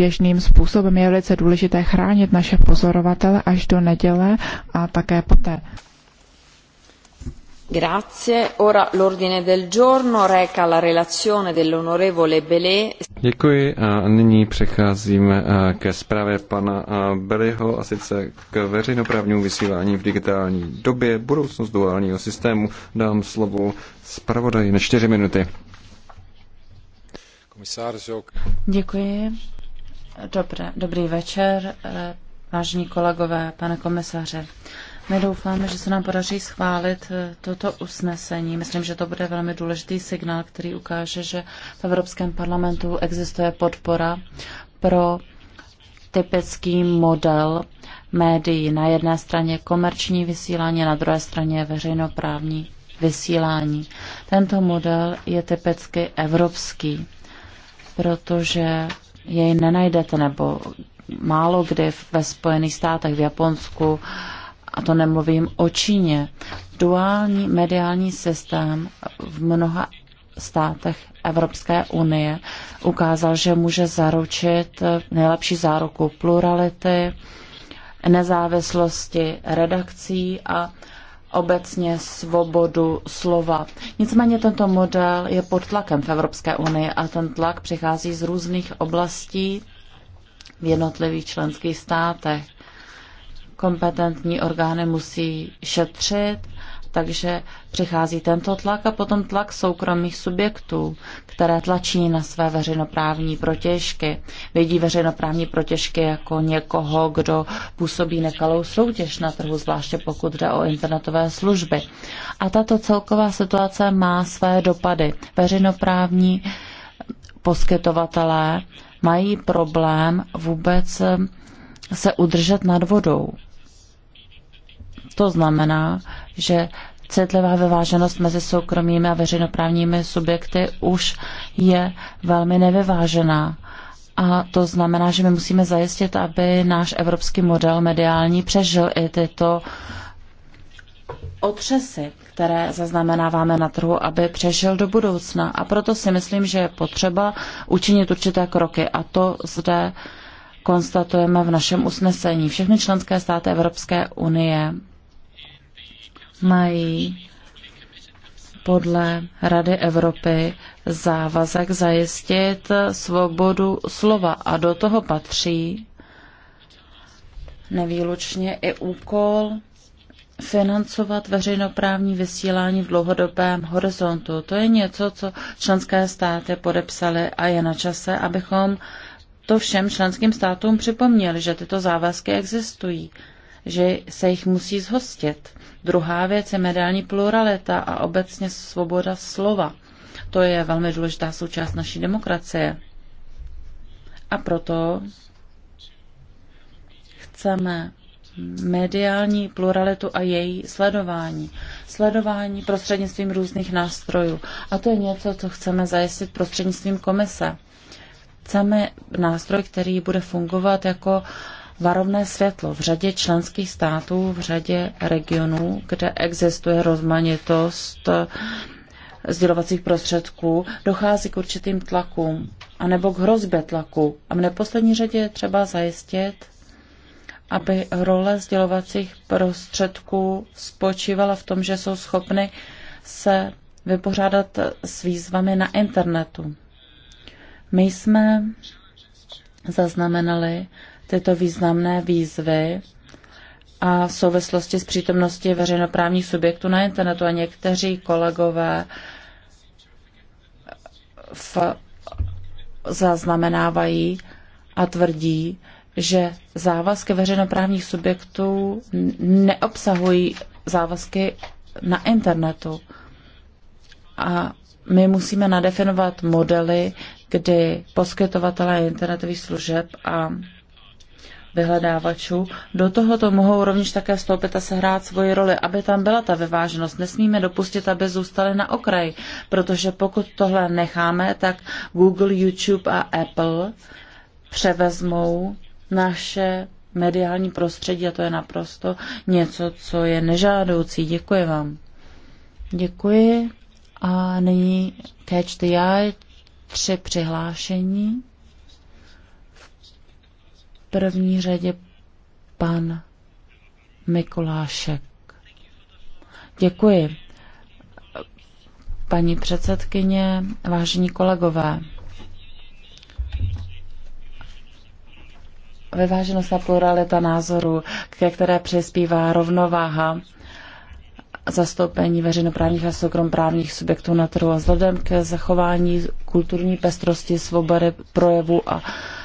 běžným způsobem. Je velice důležité chránit naše pozorovatele až do neděle a také poté. Grazie. Ora l'ordine del giorno reca la relazione dell'onorevole Belé. Děkuji a nyní přecházíme eh, ke zprávě pana eh, Beliho a sice k veřejnoprávnímu vysílání v digitální době budoucnost duálního systému. Dám slovo zpravodaji na čtyři minuty. Děkuji, Dobré, dobrý večer, eh, vážení kolegové, pane komisaře. My doufáme, že se nám podaří schválit eh, toto usnesení. Myslím, že to bude velmi důležitý signál, který ukáže, že v Evropském parlamentu existuje podpora pro typický model médií. Na jedné straně komerční vysílání, na druhé straně veřejnoprávní vysílání. Tento model je typicky evropský, protože jej nenajdete, nebo málo kdy ve Spojených státech, v Japonsku, a to nemluvím o Číně. Duální mediální systém v mnoha státech Evropské unie ukázal, že může zaručit nejlepší záruku plurality, nezávislosti redakcí a obecně svobodu slova. Nicméně tento model je pod tlakem v Evropské unii a ten tlak přichází z různých oblastí v jednotlivých členských státech. Kompetentní orgány musí šetřit, takže přichází tento tlak a potom tlak soukromých subjektů, které tlačí na své veřejnoprávní protěžky. Vidí veřejnoprávní protěžky jako někoho, kdo působí nekalou soutěž na trhu, zvláště pokud jde o internetové služby. A tato celková situace má své dopady. Veřejnoprávní poskytovatelé mají problém vůbec eh, se udržet nad vodou. To znamená, že citlivá vyváženost mezi soukromými a veřejnoprávními subjekty už je velmi nevyvážená. A to znamená, že my musíme zajistit, aby náš evropský model mediální přežil i tyto otřesy, které zaznamenáváme na trhu, aby přežil do budoucna. A proto si myslím, že je potřeba učinit určité kroky. A to zde konstatujeme v našem usnesení. Všechny členské státy Evropské unie mají podle Rady Evropy závazek zajistit svobodu slova a do toho patří nevýlučně i úkol financovat veřejnoprávní vysílání v dlouhodobém horizontu. To je něco, co členské státy podepsaly a je na čase, abychom to všem členským státům připomněli, že tyto závazky existují že se jich musí zhostit. Druhá věc je mediální pluralita a obecně svoboda slova. To je velmi důležitá součást naší demokracie. A proto chceme mediální pluralitu a její sledování. Sledování prostřednictvím různých nástrojů. A to je něco, co chceme zajistit prostřednictvím komise. Chceme nástroj, který bude fungovat jako uh, varovné světlo v řadě členských států, v řadě regionů, kde existuje rozmanitost eh, sdělovacích prostředků, dochází k určitým tlakům, anebo k hrozbě tlaku. A v neposlední řadě je třeba zajistit, aby role sdělovacích prostředků spočívala v tom, že jsou schopny se vypořádat s výzvami na internetu. My jsme zaznamenali tyto významné výzvy a v souvislosti s přítomností veřejnoprávních subjektů na internetu a někteří kolegové v, zaznamenávají a tvrdí, že závazky veřejnoprávních subjektů neobsahují závazky na internetu. A my musíme nadefinovat modely, kdy poskytovatelé internetových služeb a vyhledávačů. Do tohoto mohou rovněž také vstoupit a sehrát svoji roli, aby tam byla ta vyváženost. Nesmíme dopustit, aby zůstali na okraji, protože pokud tohle necháme, tak Google, YouTube a Apple převezmou naše mediální prostředí a to je naprosto něco, co je nežádoucí. Děkuji vám. Děkuji. A nyní catch the eye, tři přihlášení první řadě pan Mikulášek. Děkuji. Paní předsedkyně, vážení kolegové, vyváženost a pluralita názoru, ke které přispívá rovnováha zastoupení veřejnoprávních a soukromprávních subjektů na trhu a vzhledem ke zachování kulturní pestrosti, svobody projevu a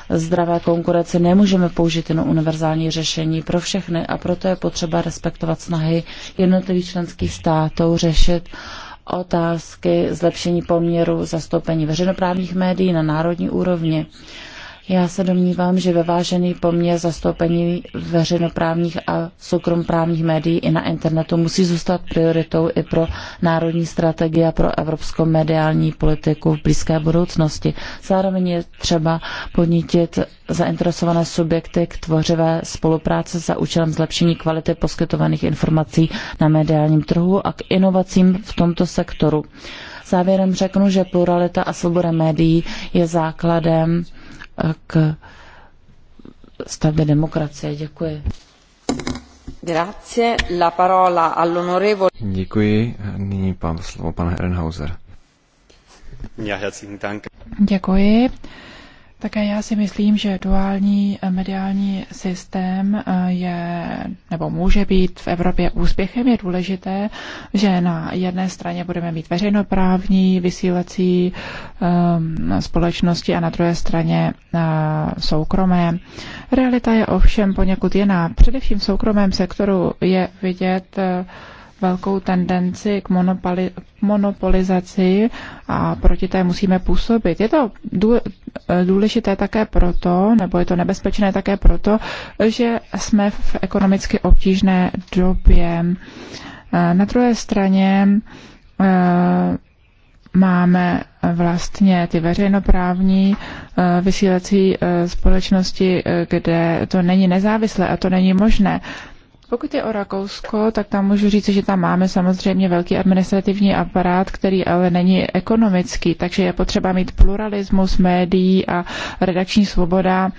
zdravé konkurenci nemůžeme použít jen univerzální řešení pro všechny a proto je potřeba respektovat snahy jednotlivých členských států řešit otázky zlepšení poměru zastoupení veřejnoprávních médií na národní úrovni. Já se domnívám, že vyvážený poměr zastoupení veřejnoprávních a soukromoprávních médií i na internetu musí zůstat prioritou i pro národní strategie a pro evropskou mediální politiku v blízké budoucnosti. Zároveň je třeba podnítit zainteresované subjekty k tvořivé spolupráci za účelem zlepšení kvality poskytovaných informací na mediálním trhu a k inovacím v tomto sektoru. Závěrem řeknu, že pluralita a svoboda médií je základem k stavbě demokracie. Děkuji. Grazie. La parola all'onorevole. Děkuji. Nyní pán slovo pan Herrenhauser. Ja, herzlichen Dank. Děkuji. Také já si myslím, že duální eh, mediální systém eh, je nebo může být v Evropě úspěchem. Je důležité, že na jedné straně budeme mít veřejnoprávní vysílací um, společnosti a na druhé straně uh, soukromé. Realita je ovšem poněkud jiná. Především v soukromém sektoru je vidět uh, velkou tendenci k monopoli, monopolizaci a proti té musíme působit. Je to důležité také proto, nebo je to nebezpečné také proto, že jsme v ekonomicky obtížné době. Eh, na druhé straně eh, máme vlastně ty veřejnoprávní eh, vysílací společnosti, kde to není nezávislé a to není možné. Pokud je o Rakousko, tak tam můžu říct, že tam máme samozřejmě velký administrativní aparát, který ale není ekonomický, takže je potřeba mít pluralismus médií a redakční svoboda.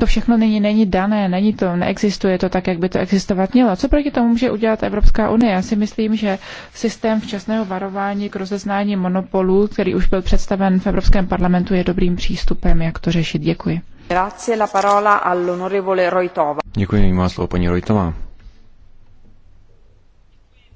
To všechno není, není dané, není to, neexistuje to tak, jak by to existovat mělo. Co proti tomu může udělat Evropská unie? Já si myslím, že systém včasného varování k rozeznání monopolů, který už byl představen v Evropském parlamentu, je dobrým přístupem, jak to řešit. Děkuji. Děkuji, má slovo paní Rojtová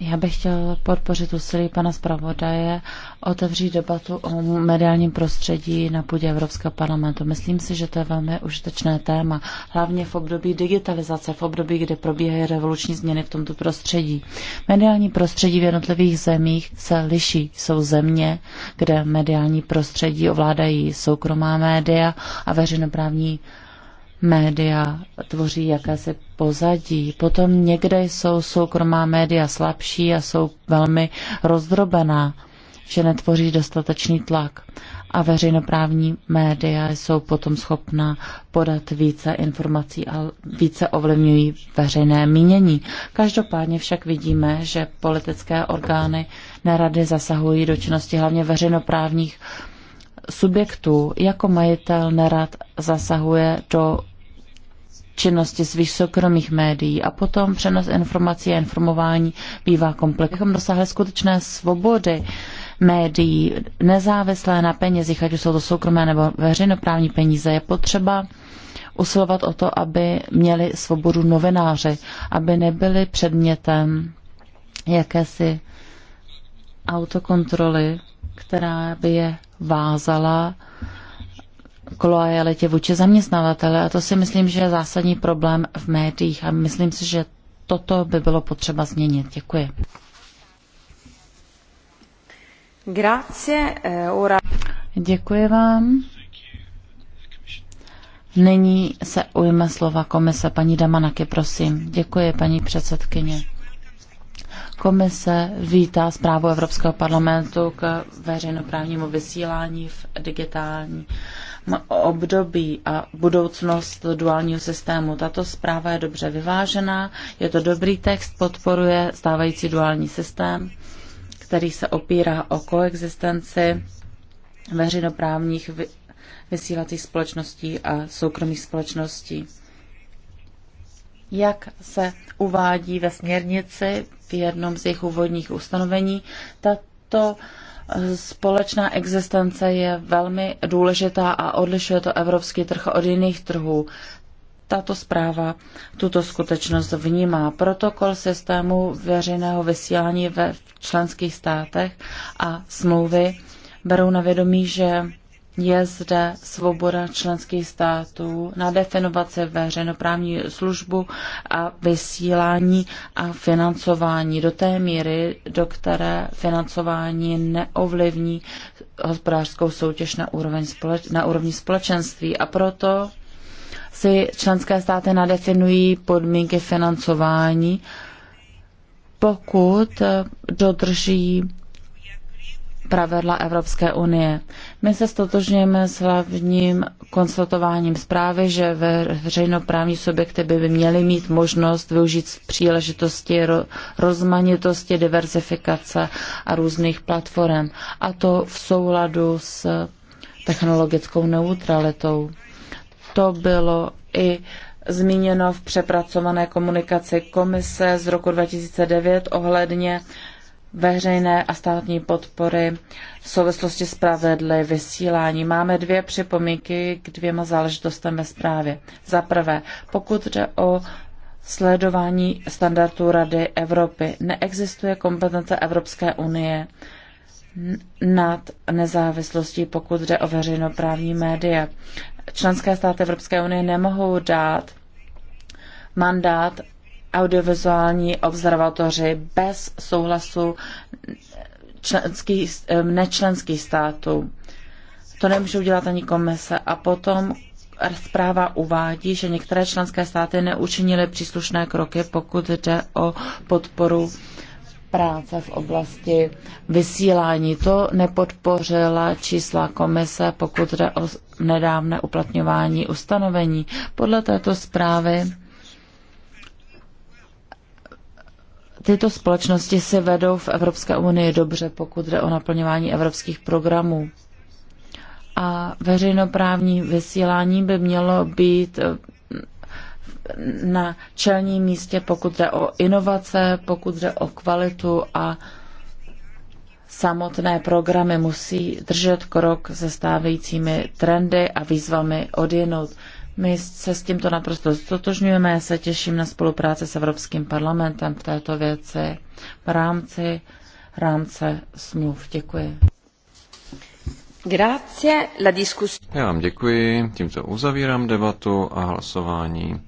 Já bych chtěl podpořit úsilí pana zpravodaje otevřít debatu o mediálním prostředí na půdě Evropského parlamentu. Myslím si, že to je velmi užitečné téma, hlavně v období digitalizace, v období, kdy probíhají revoluční změny v tomto prostředí. Mediální prostředí v jednotlivých zemích se liší. Jsou země, kde mediální prostředí ovládají soukromá média a veřejnoprávní média tvoří jakési pozadí. Potom někde jsou soukromá média slabší a jsou velmi rozdrobená, že netvoří dostatečný tlak. A veřejnoprávní média jsou potom schopna podat více informací a více ovlivňují veřejné mínění. Každopádně však vidíme, že politické orgány nerady zasahují do činnosti hlavně veřejnoprávních subjektů jako majitel nerad zasahuje do činnosti svých soukromých médií a potom přenos informací a informování bývá komplexní. Abychom dosáhli skutečné svobody médií nezávislé na penězích, ať už jsou to soukromé nebo veřejnoprávní peníze, je potřeba usilovat o to, aby měli svobodu novináři, aby nebyli předmětem jakési autokontroly, která by je vázala loajalitě vůči zaměstnavatele a to si myslím, že je zásadní problém v médiích a myslím si, že toto by bylo potřeba změnit. Děkuji. Grazie, eh, ora... Děkuji vám. Nyní se ujme slova komise. Paní Damanaky, prosím. Děkuji, paní předsedkyně. Komise vítá zprávu Evropského parlamentu k veřejnoprávnímu vysílání v digitální období a budoucnost duálního systému. Tato zpráva je dobře vyvážená, je to dobrý text, podporuje stávající duální systém, který se opírá o koexistenci veřejnoprávních vysílacích společností a soukromých společností. Jak se uvádí ve směrnici v jednom z jejich úvodních ustanovení, tato Společná existence je velmi důležitá a odlišuje to evropský trh od jiných trhů. Tato zpráva tuto skutečnost vnímá. Protokol systému veřejného vysílání ve členských státech a smlouvy berou na vědomí, že je zde svoboda členských států nadefinovat se veřejnoprávní službu a vysílání a financování do té míry, do které financování neovlivní hospodářskou soutěž na, úroveň společ, na úrovni společenství. A proto si členské státy nadefinují podmínky financování, pokud dodrží pravidla Evropské unie. My se stotožňujeme s hlavním konstatováním zprávy, že veřejnoprávní subjekty by měly mít možnost využít příležitosti rozmanitosti, diversifikace a různých platform. A to v souladu s technologickou neutralitou. To bylo i zmíněno v přepracované komunikaci komise z roku 2009 ohledně veřejné a státní podpory v souvislosti s pravidly vysílání. Máme dvě připomínky k dvěma záležitostem ve zprávě. Za prvé, pokud jde o sledování standardů Rady Evropy, neexistuje kompetence Evropské unie nad nezávislostí, pokud jde o veřejnoprávní média. Členské státy Evropské unie nemohou dát mandát audiovizuální observatoři bez souhlasu eh, nečlenských států. To nemůže udělat ani komise. A potom zpráva uvádí, že některé členské státy neučinily příslušné kroky, pokud jde o podporu práce v oblasti vysílání. To nepodpořila čísla komise, pokud jde o nedávné uplatňování ustanovení. Podle této zprávy Tyto společnosti se vedou v Evropské unii dobře, pokud jde o naplňování evropských programů. A veřejnoprávní vysílání by mělo být eh, na čelním místě, pokud jde o inovace, pokud jde o kvalitu a samotné programy musí držet krok se stávajícími trendy a výzvami odjenout. My se s tímto naprosto stotožňujeme, já se těším na spolupráci s Evropským parlamentem v této věci v rámci rámce smluv. Děkuji. Grazie, la diskus... Já vám děkuji, tímto uzavírám debatu a hlasování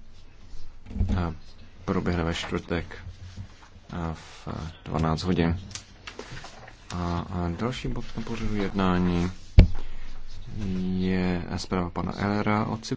eh, proběhne ve čtvrtek eh, v 12 eh, hodin. A další bod na pořadu jednání je zpráva pana Elera o